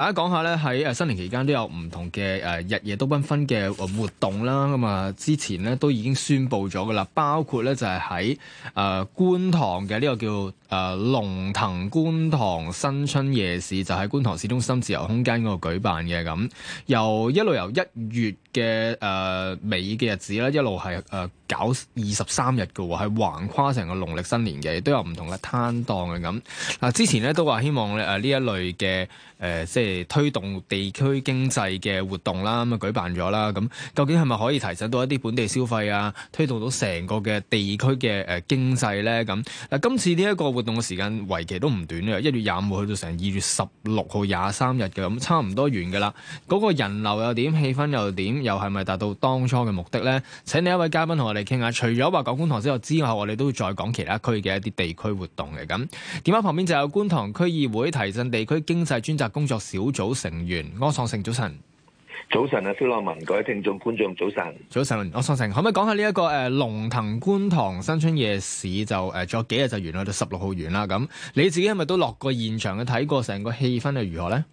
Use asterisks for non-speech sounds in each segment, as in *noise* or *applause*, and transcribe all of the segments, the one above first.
大家講下咧喺新年期間都有唔同嘅日夜都繽紛嘅活動啦。咁啊，之前咧都已經宣布咗嘅啦，包括咧就係喺誒觀塘嘅呢、這個叫誒龍騰觀塘新春夜市，就喺、是、觀塘市中心自由空間嗰度舉辦嘅咁，由一路由一月。嘅誒尾嘅日子咧，一路係誒、呃、搞二十三日嘅喎，係橫跨成個農曆新年嘅，都有唔同嘅攤檔嘅咁。嗱，之前咧都話希望誒呢一類嘅誒、呃，即係推動地區經濟嘅活動啦，咁啊舉辦咗啦。咁究竟係咪可以提醒到一啲本地消費啊？推動到成個嘅地區嘅誒經濟咧？咁嗱，今次呢一個活動嘅時間，為期都唔短嘅，一月廿五號去到成二月十六號廿三日嘅咁，差唔多完嘅啦。嗰、那個人流又點，氣氛又點？又係咪達到當初嘅目的呢？請你一位嘉賓同我哋傾下。除咗話講觀塘後之外之外，我哋都會再講其他區嘅一啲地區活動嘅。咁電話旁邊就有觀塘區議會提振地區經濟專責工作小組成員，柯創盛，早晨。早晨啊，肖朗文，各位聽眾觀眾早晨。早晨，柯創盛，可唔可以講下呢一個誒、呃、龍騰觀塘新春夜市就誒仲、呃、有幾日就完啦？到十六號完啦。咁你自己係咪都落過現場去睇過成個氣氛係如何呢？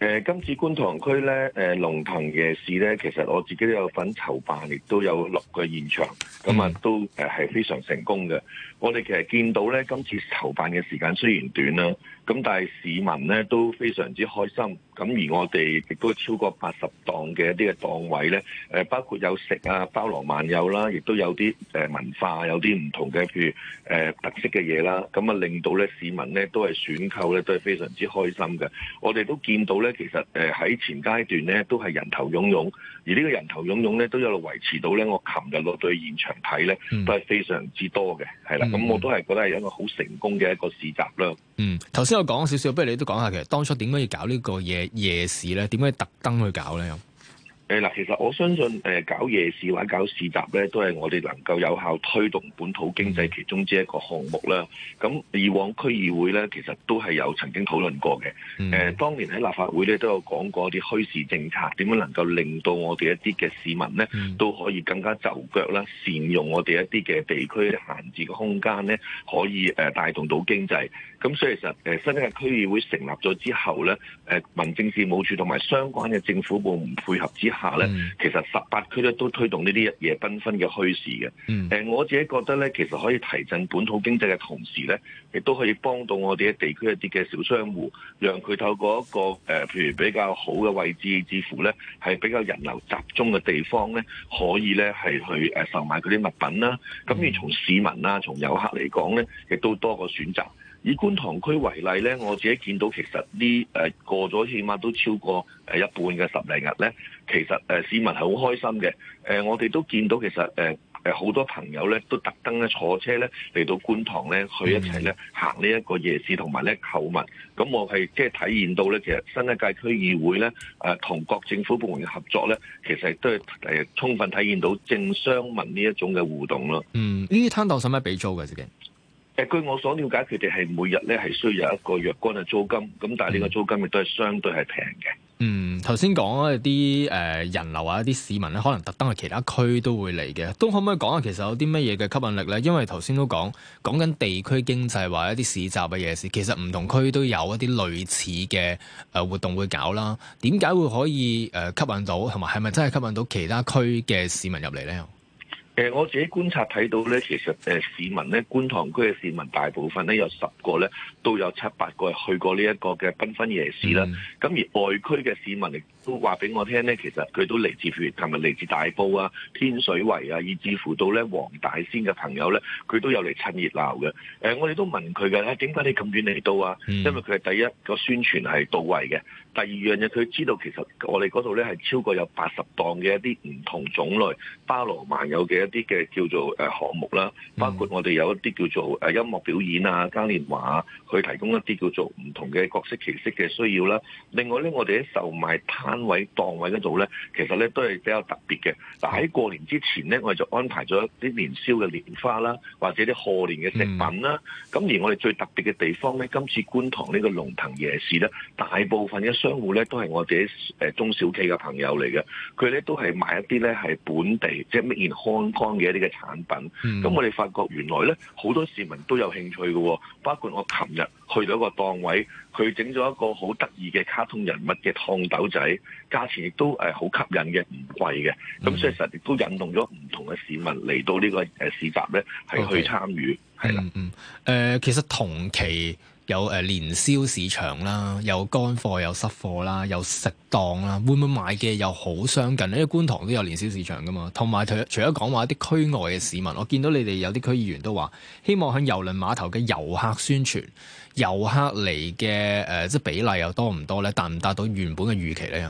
誒、呃、今次觀塘區咧，誒、呃、龍騰夜市咧，其實我自己都有份籌辦，亦都有落過現場，咁啊都誒係非常成功嘅。我哋其實見到咧，今次籌辦嘅時間雖然短啦。咁但係市民咧都非常之開心，咁而我哋亦都超過八十檔嘅一啲嘅檔位咧，誒，包括有食啊、包羅萬有啦，亦都有啲誒文化，有啲唔同嘅譬如誒特色嘅嘢啦，咁啊令到咧市民咧都係選購咧都係非常之開心嘅。我哋都見到咧，其實誒喺前階段咧都係人頭湧湧，而呢個人頭湧湧咧都有維持到咧。我琴日落到去現場睇咧，都係非常之多嘅，係啦、mm。咁我都係覺得係一個好成功嘅一個市集啦。嗯，頭先。講少少，不如你都講下，其實當初點解要搞呢個夜夜市咧？點解特登去搞咧？誒嗱，其實我相信誒搞夜市或者搞市集咧，都係我哋能夠有效推動本土經濟其中之一個項目啦。咁、嗯、以往區議會咧，其實都係有曾經討論過嘅。誒，嗯、當年喺立法會咧都有講過一啲墟市政策，點樣能夠令到我哋一啲嘅市民咧都可以更加就腳啦，善用我哋一啲嘅地區閒置嘅空間咧，可以誒帶動到經濟。咁所以其實誒新一屆區議會成立咗之後咧，誒民政事務處同埋相關嘅政府部門配合之下咧，mm. 其實十八區都都推動呢啲日夜繽紛嘅墟市嘅。誒、mm. 我自己覺得咧，其實可以提振本土經濟嘅同時咧，亦都可以幫到我哋嘅地區一啲嘅小商戶，讓佢透過一個誒、呃、譬如比較好嘅位置，至乎咧係比較人流集中嘅地方咧，可以咧係去誒售賣佢啲物品啦。咁、mm. 而從市民啦、啊、從遊客嚟講咧，亦都多個選擇。以觀塘區為例咧，我自己見到其實呢誒過咗，起碼都超過誒一半嘅十零日咧。其實誒市民係好開心嘅。誒我哋都見到其實誒誒好多朋友咧都特登咧坐車咧嚟到觀塘咧去一齊咧行呢一個夜市同埋咧購物。咁我係即係體現到咧，其實新一屆區議會咧誒同各政府部門嘅合作咧，其實都係充分體現到政商民呢一種嘅互動咯。嗯，呢啲攤檔使咪俾租㗎？自己。誒，據我所了解，佢哋係每日咧係需要有一個若干嘅租金，咁但係呢個租金亦都係相對係平嘅。嗯，頭先講一啲誒人流啊，一啲市民咧，可能特登係其他區都會嚟嘅。都可唔可以講下其實有啲乜嘢嘅吸引力咧？因為頭先都講講緊地區經濟或者一啲市集嘅嘢事，其實唔同區都有一啲類似嘅誒活動會搞啦。點解會可以誒吸引到同埋係咪真係吸引到其他區嘅市民入嚟咧？呃、我自己觀察睇到咧，其實、呃、市民咧，觀塘區嘅市民大部分咧有十個咧，都有七八個去過呢一個嘅繽紛夜市啦。咁、嗯、而外區嘅市民嚟。都話俾我聽咧，其實佢都嚟自血同埋嚟自大埔啊、天水圍啊，以至乎到咧黃大仙嘅朋友咧，佢都有嚟趁熱鬧嘅。誒、呃，我哋都問佢嘅咧，點解你咁遠嚟到啊？嗯、因為佢係第一個宣傳係到位嘅，第二樣嘢佢知道其實我哋嗰度咧係超過有八十檔嘅一啲唔同種類，包羅萬有嘅一啲嘅叫做誒、啊、項目啦，包括我哋有一啲叫做誒、啊、音樂表演啊、嘉年華啊，佢提供一啲叫做唔同嘅各色其色嘅需要啦。另外咧，我哋喺售賣攤。位檔位嗰度咧，其實咧都係比較特別嘅。嗱，喺過年之前咧，我哋就安排咗一啲年宵嘅年花啦，或者啲賀年嘅食品啦。咁而我哋最特別嘅地方咧，今次觀塘呢個龍騰夜市咧，大部分嘅商戶咧都係我哋啲中小企嘅朋友嚟嘅。佢咧都係買一啲咧係本地即係 made in Hong Kong 嘅一啲嘅產品。咁、嗯、我哋發覺原來咧好多市民都有興趣嘅，包括我琴日。去到一個檔位，佢整咗一個好得意嘅卡通人物嘅燙斗仔，價錢亦都誒好吸引嘅，唔貴嘅。咁、嗯、所以實亦都引動咗唔同嘅市民嚟到呢個誒市集咧，係去參與，係啦 Okay. 的、嗯。嗯嗯、呃，其實同期。有誒年宵市場啦，有乾貨，有濕貨啦，有食檔啦，會唔會買嘅又好相近咧？因為觀塘都有年宵市場噶嘛。同埋除除咗講話一啲區外嘅市民，我見到你哋有啲區議員都話希望喺郵輪碼頭嘅遊客宣傳，遊客嚟嘅、呃、即係比例又多唔多咧？達唔達到原本嘅預期咧？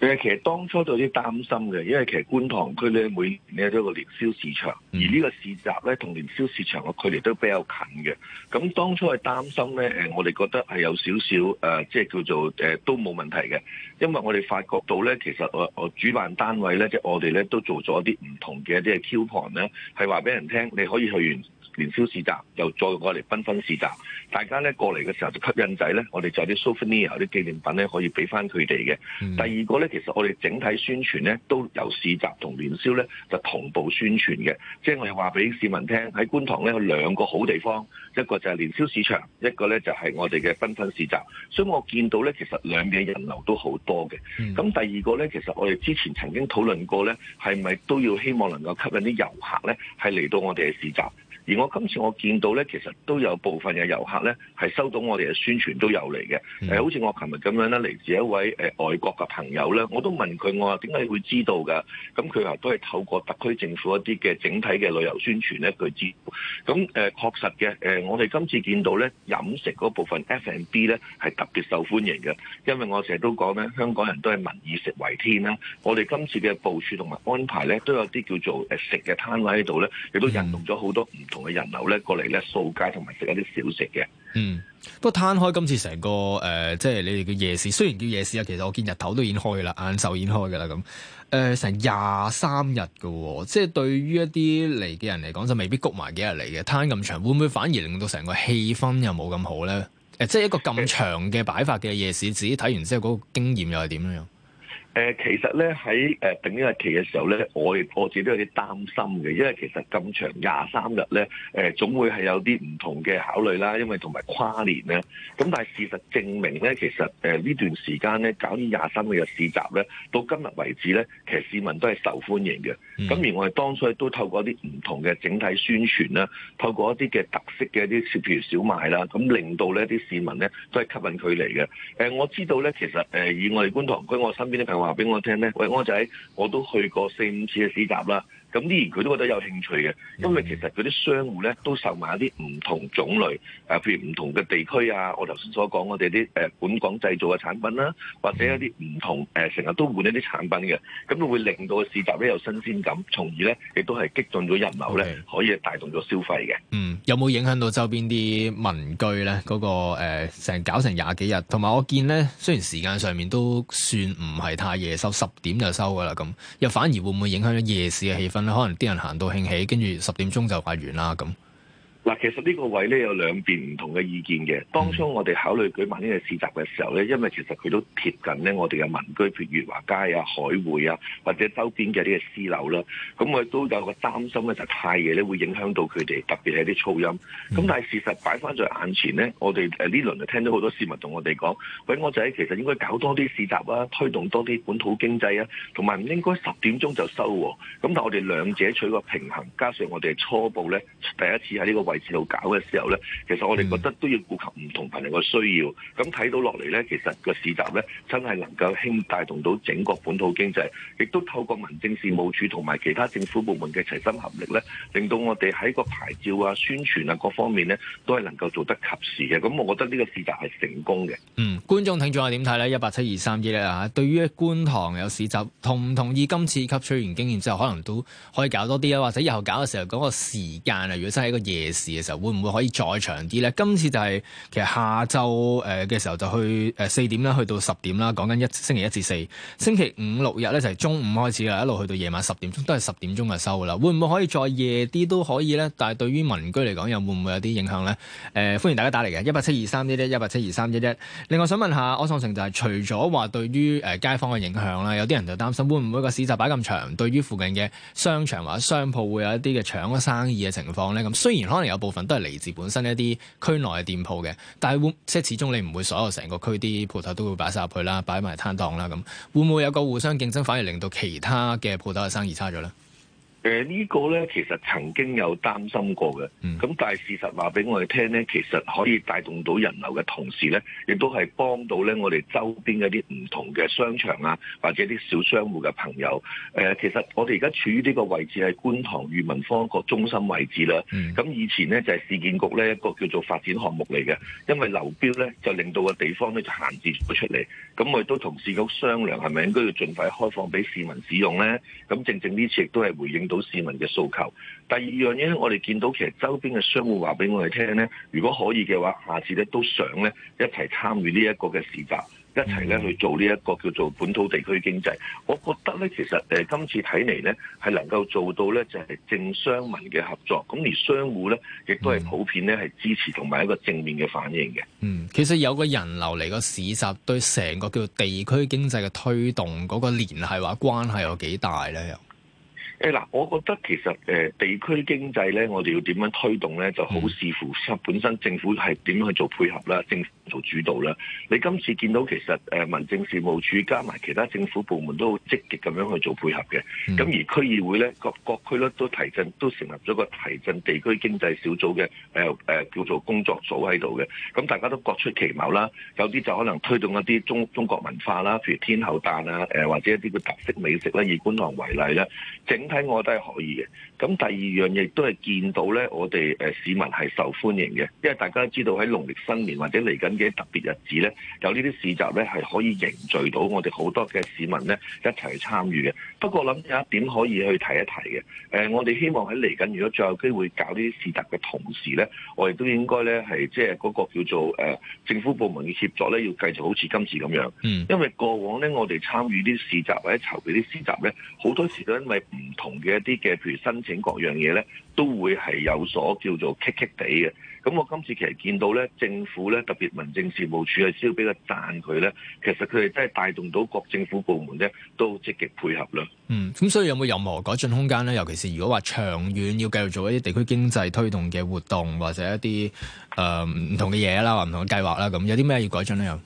其實當初都有啲擔心嘅，因為其實觀塘區咧每年咧都有個年宵市場，而呢個市集咧同年宵市場嘅距離都比較近嘅。咁當初係擔心咧，我哋覺得係有少少，誒、呃，即係叫做誒、呃，都冇問題嘅。因為我哋發覺到咧，其實我我主辦單位咧，即、就、係、是、我哋咧都做咗啲唔同嘅一啲 coupon 咧，係話俾人聽，你可以去完。年宵市集又再過嚟，繽紛市集，大家呢過嚟嘅時候就吸引仔呢，我哋就有啲 Souvenir 有啲紀念品呢，可以俾翻佢哋嘅。Mm. 第二個呢，其實我哋整體宣傳呢，都有市集同年宵呢，就同步宣傳嘅，即係我哋話俾市民聽喺觀塘呢，有兩個好地方，一個就係年宵市場，一個呢就係我哋嘅繽紛市集，所以我見到呢，其實兩邊人流都好多嘅。咁、mm. 第二個呢，其實我哋之前曾經討論過呢，係咪都要希望能夠吸引啲遊客呢，係嚟到我哋嘅市集？而我今次我見到咧，其實都有部分嘅遊客咧，係收到我哋嘅宣傳都有嚟嘅。誒、好似我琴日咁樣咧，嚟自一位、呃、外國嘅朋友咧，我都問佢，我話點解會知道㗎？咁佢話都係透過特區政府一啲嘅整體嘅旅遊宣傳咧，佢知。咁誒、呃、確實嘅、呃，我哋今次見到咧，飲食嗰部分 F&B 咧係特別受歡迎嘅，因為我成日都講咧，香港人都係民以食為天啦。我哋今次嘅部署同埋安排咧，都有啲叫做食嘅攤位喺度咧，亦都引動咗好多唔同。我人流咧，過嚟咧，掃街同埋食一啲小食嘅。嗯，不過攤開今次成個誒、呃，即係你哋嘅夜市，雖然叫夜市啊，其實我見日頭都已經開噶啦，晏晝已經開噶啦咁。誒，成廿三日噶，即係對於一啲嚟嘅人嚟講，就未必谷埋幾日嚟嘅。攤咁長，會唔會反而令到成個氣氛又冇咁好咧？誒、呃，即係一個咁長嘅擺法嘅夜市， *laughs* 自己睇完之後嗰個經驗又係點樣？誒、呃、其實咧喺誒定呢個日期嘅時候咧，我我自己都有啲擔心嘅，因為其實咁長廿三日咧，誒、呃、總會係有啲唔同嘅考慮啦，因為同埋跨年咧。咁但係事實證明咧，其實誒呢、呃、段時間咧搞呢廿三日嘅市集咧，到今日為止咧，其實市民都係受歡迎嘅。咁、嗯、而我哋當初都透過一啲唔同嘅整體宣傳啦，透過一啲嘅特色嘅一啲譬如小賣啦，咁令到呢啲市民咧都係吸引佢嚟嘅。誒，我知道咧，其實誒以我哋觀塘區，我身邊啲朋友話俾我聽咧，喂，我仔我都去過四五次嘅市集啦。咁呢，然佢都覺得有興趣嘅，因為其實嗰啲商戶咧都售賣一啲唔同種類，誒、啊，譬如唔同嘅地區啊，我頭先所講我哋啲誒本港製造嘅產品啦、啊，或者一啲唔同誒成日都換一啲產品嘅，咁會令到個市集咧有新鮮感，從而咧亦都係激進咗人流咧，可以帶動咗消費嘅。嗯，有冇影響到周邊啲民居咧？嗰、嗰個成、呃、搞成廿幾日，同埋我見咧，雖然時間上面都算唔係太夜收，十點就收噶啦，咁又反而會唔會影響到夜市嘅氣氛？.可能啲人行到興起，跟住十點鐘就發完啦咁。嗱，其實呢個位咧有兩邊唔同嘅意見嘅。當初我哋考慮舉辦呢個市集嘅時候咧，因為其實佢都貼近咧我哋嘅民居，譬如月華街啊、海匯啊，或者周邊嘅呢啲私樓啦。咁我都有個擔心咧，就太夜咧會影響到佢哋，特別係啲噪音。咁但係事實擺翻在眼前咧，我哋誒呢輪就聽到好多市民同我哋講，喂，柯仔其實應該搞多啲市集啊，推動多啲本土經濟啊，同埋唔應該十點鐘就收喎。咁但係我哋兩者取個平衡，加上我哋初步咧第一次喺呢個位。試搞嘅時候呢，其實我哋覺得都要顧及唔同朋友嘅需要。咁睇到落嚟呢，其實個市集呢，真係能夠輕帶動到整個本土經濟，亦都透過民政事務處同埋其他政府部門嘅齊心合力呢，令到我哋喺個牌照啊、宣傳啊各方面呢，都係能夠做得及時嘅。咁我覺得呢個市集係成功嘅。嗯，觀眾聽眾又點睇呢？一八七二三二咧嚇，對於觀塘有市集，同唔同意今次吸取完經驗之後，可能都可以搞多啲啊，或者以後搞嘅時候嗰個時間啊，如果真係一個夜嗯時嘅時候會唔會可以再長啲呢？今次就係、是、其實下晝誒嘅時候就去誒四、呃、點啦，去到十點啦，講緊一星期一至四，星期五六日呢，就係、是、中午開始啦，一路去到夜晚十點鐘都係十點鐘就收啦。會唔會可以再夜啲都可以呢？但係對於民居嚟講又會唔會有啲影響呢？誒、呃、歡迎大家打嚟嘅一八七二三一一一八七二三一一。另外想問一下柯創盛就係、是、除咗話對於誒、呃、街坊嘅影響啦，有啲人就擔心會唔會個市集擺咁長，對於附近嘅商場或者商鋪會有一啲嘅搶生意嘅情況呢？咁雖然可能。有部分都係嚟自本身一啲區內嘅店鋪嘅，但係會即係始終你唔會所有成個區啲鋪頭都會擺晒入去啦，擺埋攤檔啦咁，會唔會有個互相競爭，反而令到其他嘅鋪頭嘅生意差咗咧？誒，個呢個咧其實曾經有擔心過嘅，咁、嗯、但係事實話俾我哋聽咧，其實可以帶動到人流嘅同時咧，亦都係幫到咧我哋周邊嗰啲唔同嘅商場啊，或者啲小商戶嘅朋友。誒、呃，其實我哋而家處於呢個位置係觀塘裕民坊一個中心位置啦。咁、嗯、以前咧就係市建局呢一個叫做發展項目嚟嘅，因為樓標咧就令到個地方咧就閒置咗出嚟。咁我哋都同市局商量，係咪應該要盡快開放俾市民使用咧？咁正正呢次亦都係回應到。市民嘅訴求，第二樣嘢咧，我哋見到其實周邊嘅商戶話俾我哋聽咧，如果可以嘅話，下次咧都想咧一齊參與呢一個嘅市集，一齊咧去做呢、這、一個叫做本土地區經濟。我覺得咧，其實誒、呃、今次睇嚟咧，係能夠做到咧，就係、是、政商民嘅合作。咁而商戶咧，亦都係普遍咧係支持同埋一個正面嘅反應嘅。嗯，其實有個人流嚟個市集，對成個叫地區經濟嘅推動嗰個聯繫話關係有幾大咧？誒嗱，我覺得其實誒地區經濟咧，我哋要點樣推動咧，就好視乎本身政府係點樣去做配合啦，政府做主導啦。你今次見到其實誒民政事務處加埋其他政府部門都好積極咁樣去做配合嘅，咁而區議會咧各各區咧都提振都成立咗個提振地區經濟小組嘅誒叫做工作組喺度嘅，咁大家都各出其謀啦，有啲就可能推動一啲中中國文化啦，譬如天后誕啊，誒或者一啲嘅特色美食咧，以觀塘為例咧，整。睇我都係可以嘅，咁第二樣嘢都係見到咧，我哋誒市民係受歡迎嘅，因為大家知道喺農曆新年或者嚟緊嘅特別日子咧，有呢啲市集咧係可以凝聚到我哋好多嘅市民咧一齊去參與嘅。不過諗有一點可以去提一提嘅，誒，我哋希望喺嚟緊如果再有機會搞呢啲市集嘅同時咧，我亦都應該咧係即係嗰個叫做誒政府部門嘅協作咧，要繼續好似今次咁樣，因為過往咧我哋參與啲市集或者籌備啲市集咧，好多時都因為唔同嘅一啲嘅，譬如申請各樣嘢咧，都會係有所叫做棘棘地嘅。咁我今次其實見到咧，政府咧特別民政事務處係需要比較讚佢咧，其實佢哋真係帶動到各政府部門咧都積極配合啦。嗯，咁所以有冇任何改進空間咧？尤其是如果話長遠要繼續做一啲地區經濟推動嘅活動或者一啲誒唔同嘅嘢啦，話唔同嘅計劃啦，咁有啲咩要改進咧？又？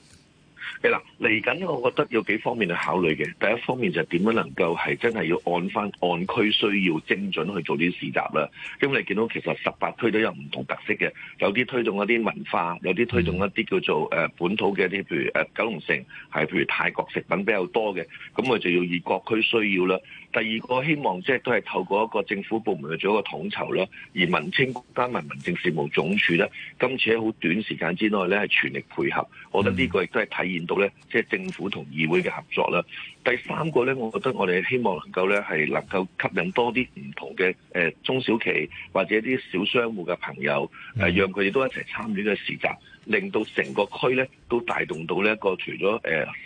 係啦，嚟緊我覺得有幾方面去考慮嘅。第一方面就係點樣能夠係真係要按翻按區需要精準去做啲市集啦。因為你見到其實十八區都有唔同特色嘅，有啲推動一啲文化，有啲推動一啲叫做本土嘅一啲，譬如九龍城係譬如泰國食品比較多嘅，咁我就要以各區需要啦。第二個希望即係都係透過一個政府部門去做一個統籌啦，而民清單文民政事務總署咧，今次喺好短時間之內咧係全力配合，我覺得呢個亦都係體現到。即係政府同議會嘅合作啦。第三個咧，我覺得我哋希望能夠咧係能夠吸引多啲唔同嘅誒中小企或者啲小商戶嘅朋友，誒，讓佢哋都一齊參與呢個市集。令到成個區咧都帶動到呢個除咗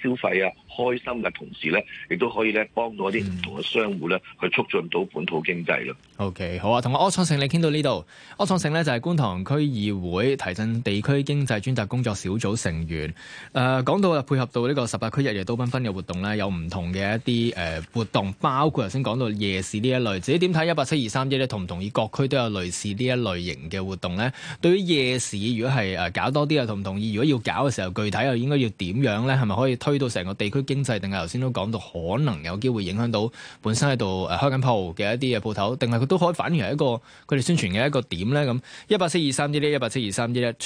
消費啊開心嘅同時咧，亦都可以咧幫到一啲唔同嘅商戶咧去促進到本土經濟咯。嗯、o、okay, K，好啊，同阿柯創盛你傾到呢度，柯創盛咧就係觀塘區議會提振地區經濟專責工作小組成員。誒、呃、講到配合到呢個十八區日夜都繽紛嘅活動咧，有唔同嘅一啲活動，包括頭先講到夜市呢一類。自己點睇一百七二三一咧？同唔同意各區都有類似呢一類型嘅活動咧？對於夜市，如果係搞多。啲又同唔同意？如果要搞嘅時候，具體又應該要點樣呢？係咪可以推到成個地區經濟？定係頭先都講到可能有機會影響到本身喺度開緊鋪嘅一啲嘅鋪頭？定係佢都可以反而係一個佢哋宣傳嘅一個點呢？咁一八四二三一一，一八七二三一一。